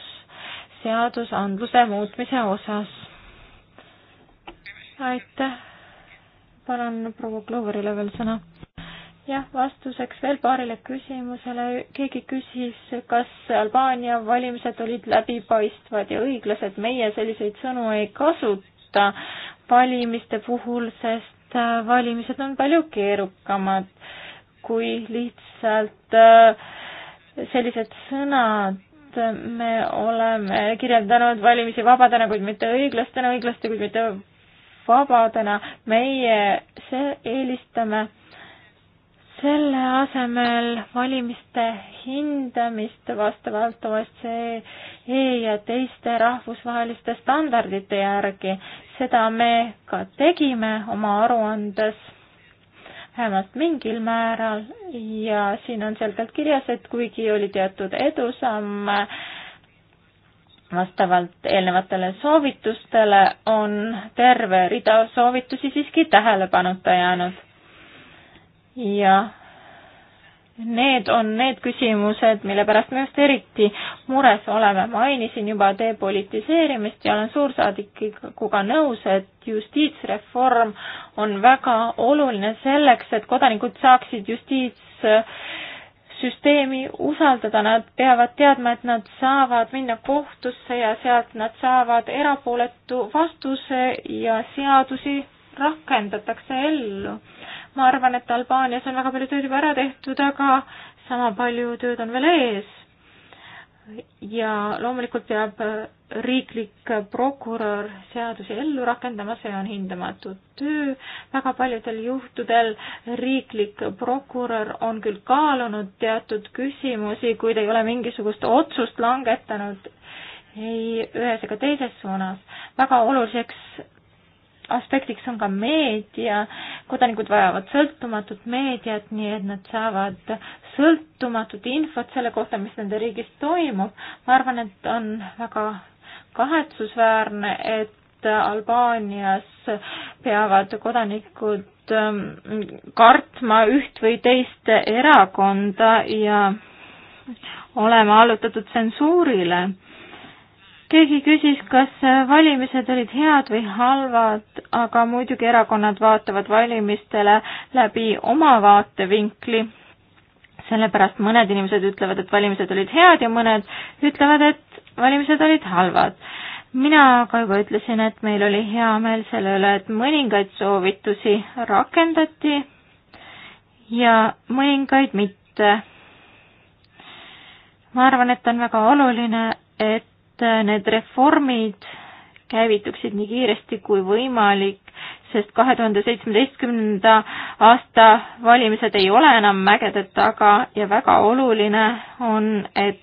seadusandluse muutmise osas. aitäh. palun proua Cloverile veel sõna. jah, vastuseks veel paarile küsimusele. keegi küsis, kas Albaania valimised olid läbipaistvad ja õiglased. meie selliseid sõnu ei kasuta valimiste puhul, sest äh, valimised on palju keerukamad kui lihtsalt äh, sellised sõnad et me oleme kirjeldanud valimisi vabadena, kuid mitte õiglastena, õiglaste, kuid mitte vabadena. meie see eelistame selle asemel valimiste hindamist vastavalt OSCE ja teiste rahvusvaheliste standardite järgi. seda me ka tegime oma aruandes vähemalt mingil määral ja siin on selgelt kirjas, et kuigi oli teatud edusamm vastavalt eelnevatele soovitustele, on terve rida soovitusi siiski tähelepanuta jäänud. jah Need on need küsimused, mille pärast me just eriti mures oleme. mainisin juba depolitiseerimist ja olen suursaadikuga nõus, et justiitsreform on väga oluline selleks, et kodanikud saaksid justiitssüsteemi usaldada, nad peavad teadma, et nad saavad minna kohtusse ja sealt nad saavad erapooletu vastuse ja seadusi rakendatakse ellu ma arvan, et Albaanias on väga palju tööd juba ära tehtud, aga sama palju tööd on veel ees. ja loomulikult peab äh, riiklik prokurör seadusi ellu rakendama, see on hindamatu töö. väga paljudel juhtudel riiklik prokurör on küll kaalunud teatud küsimusi, kuid ei ole mingisugust otsust langetanud ei ühes ega teises suunas. väga oluliseks aspektiks on ka meedia, kodanikud vajavad sõltumatut meediat, nii et nad saavad sõltumatut infot selle kohta, mis nende riigis toimub. ma arvan, et on väga kahetsusväärne, et Albaanias peavad kodanikud ähm, kartma üht või teist erakonda ja olema allutatud tsensuurile keegi küsis, kas valimised olid head või halvad, aga muidugi erakonnad vaatavad valimistele läbi oma vaatevinkli. sellepärast mõned inimesed ütlevad, et valimised olid head ja mõned ütlevad, et valimised olid halvad. mina ka juba ütlesin, et meil oli hea meel selle üle, et mõningaid soovitusi rakendati ja mõningaid mitte. ma arvan, et on väga oluline, et et äh, need reformid käivituksid nii kiiresti kui võimalik, sest kahe tuhande seitsmeteistkümnenda aasta valimised ei ole enam mägede taga ja väga oluline on, et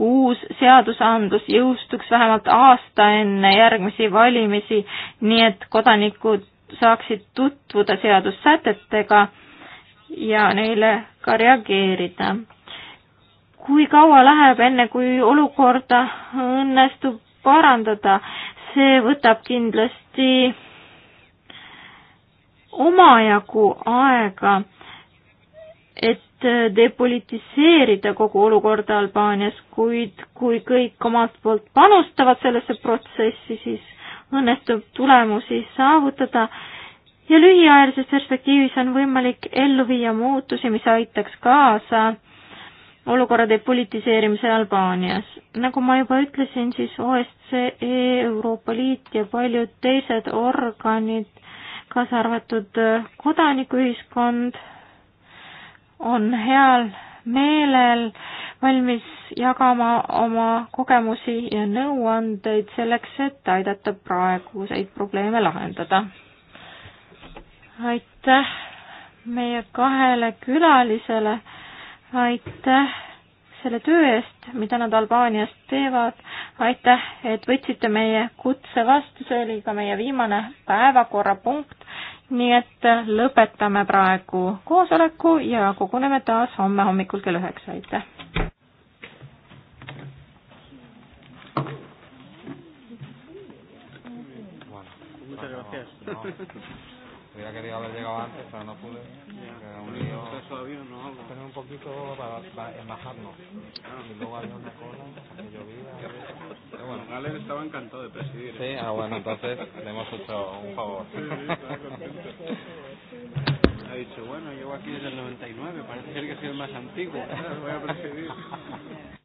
uus seadusandlus jõustuks vähemalt aasta enne järgmisi valimisi, nii et kodanikud saaksid tutvuda seadussätetega ja neile ka reageerida kui kaua läheb, enne kui olukorda õnnestub parandada, see võtab kindlasti omajagu aega, et depolitiseerida kogu olukorda Albaanias, kuid kui kõik omalt poolt panustavad sellesse protsessi, siis õnnestub tulemusi saavutada ja lühiajalises perspektiivis on võimalik ellu viia muutusi, mis aitaks kaasa olukorra depolitiseerimise Albaanias. nagu ma juba ütlesin, siis OSCE, Euroopa Liit ja paljud teised organid, kaasa arvatud äh, kodanikuühiskond, on heal meelel valmis jagama oma kogemusi ja nõuandeid selleks, et aidata praeguseid probleeme lahendada. aitäh meie kahele külalisele aitäh selle töö eest, mida nad Albaanias teevad. aitäh, et võtsite meie kutse vastu, see oli ka meie viimane päevakorrapunkt. nii et lõpetame praegu koosoleku ja koguneme taas homme hommikul kell üheksa, aitäh! Muchas gracias. Hubiera querido haber llegado antes, pero no pude. Era un lío. Tener un poquito para, para embajarnos. Ah. Y luego había una cola, que llovía. Pero bueno, Galen estaba encantado de presidir. Sí, ¿eh? ah, bueno, entonces le hemos hecho un favor. Sí, sí, estaba contento ha dicho, bueno, llevo aquí desde el 99, parece ser que soy el más antiguo, voy a presidir.